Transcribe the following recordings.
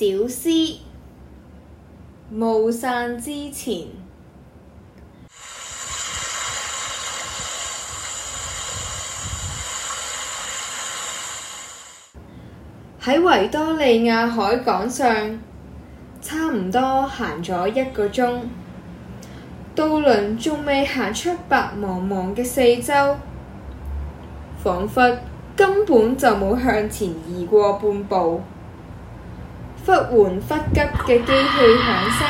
小思霧散之前，喺維多利亞海港上，差唔多行咗一個鐘。渡輪仲未行出白茫茫嘅四周，彷彿根本就冇向前移過半步。忽緩忽急嘅機器響聲，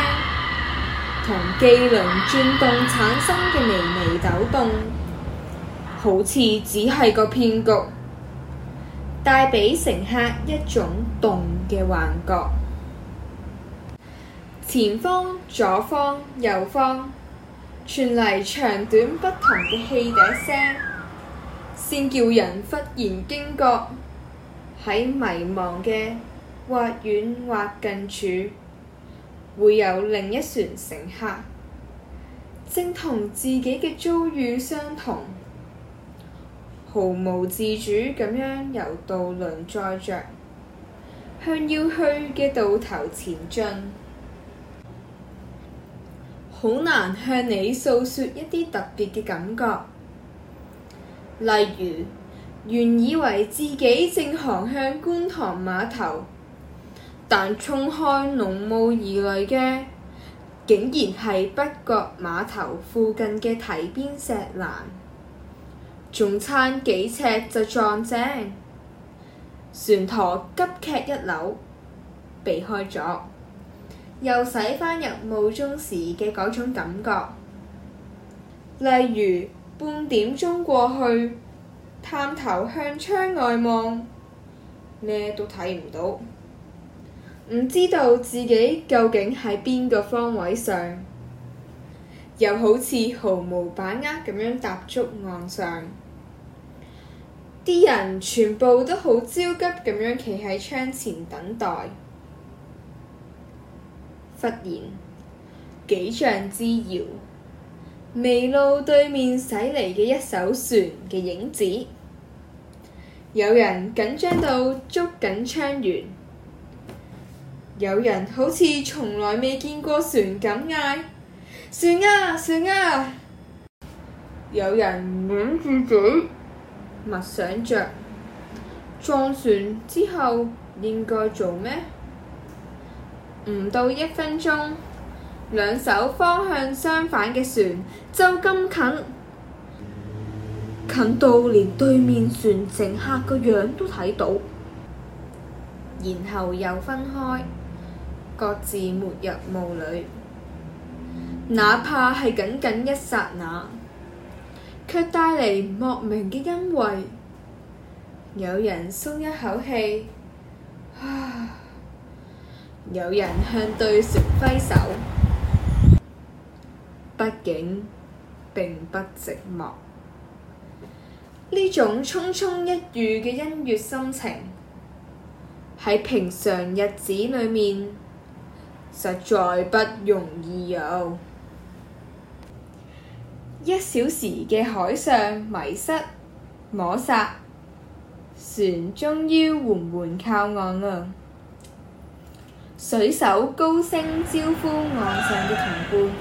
同機輪轉動產生嘅微微抖動，好似只係個騙局，帶畀乘客一種動嘅幻覺。前方、左方、右方，傳嚟長短不同嘅汽笛聲，先叫人忽然驚覺，喺迷茫嘅或遠或近處，會有另一船乘客，正同自己嘅遭遇相同，毫無自主咁樣由渡輪載着，向要去嘅渡頭前進。好難向你訴說一啲特別嘅感覺，例如原以為自己正航向觀塘碼頭。但衝開濃霧而來嘅，竟然係北角碼頭附近嘅堤邊石欄，仲差幾尺就撞正，船舵急劇一扭，避開咗，又駛返入霧中時嘅嗰種感覺。例如半點鐘過去，探頭向窗外望，咩都睇唔到。唔知道自己究竟喺邊個方位上，又好似毫無把握咁樣踏足岸上。啲人全部都好焦急咁樣企喺窗前等待。忽然幾丈之遙，微露對面駛嚟嘅一艘船嘅影子。有人緊張到捉緊窗沿。有人好似從來未見過船咁嗌：船啊，船啊！有人抿住嘴，默想着撞船之後應該做咩？唔到一分鐘，兩艘方向相反嘅船就咁近，近到連對面船乘客個樣都睇到，然後又分開。各自沒入霧裏，哪怕係僅僅一剎那，卻帶嚟莫名嘅欣慰。有人鬆一口氣，有人向對船揮手。畢竟並不寂寞。呢種匆匆一遇嘅欣悅心情，喺平常日子裏面。實在不容易。有一小時嘅海上迷失摸索，船終於緩緩靠岸啦。水手高聲招呼岸上嘅同伴，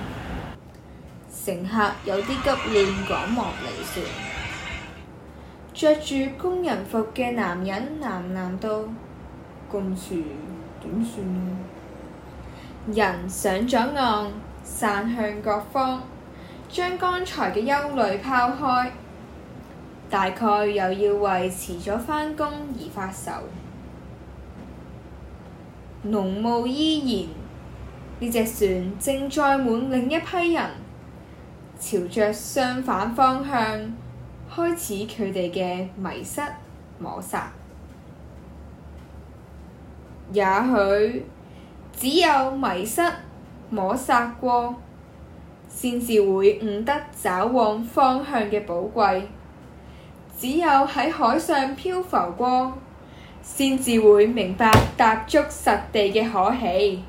乘客有啲急亂趕忙離船。着住工人服嘅男人喃喃道：「咁遲點算啊？人上咗岸，散向各方，將剛才嘅憂慮拋開，大概又要為遲咗返工而發愁。濃霧依然，呢隻船正載滿另一批人，朝着相反方向開始佢哋嘅迷失摸索。也許。只有迷失摸索過，先至會悟得找往方向嘅寶貴；只有喺海上漂浮過，先至會明白踏足實地嘅可喜。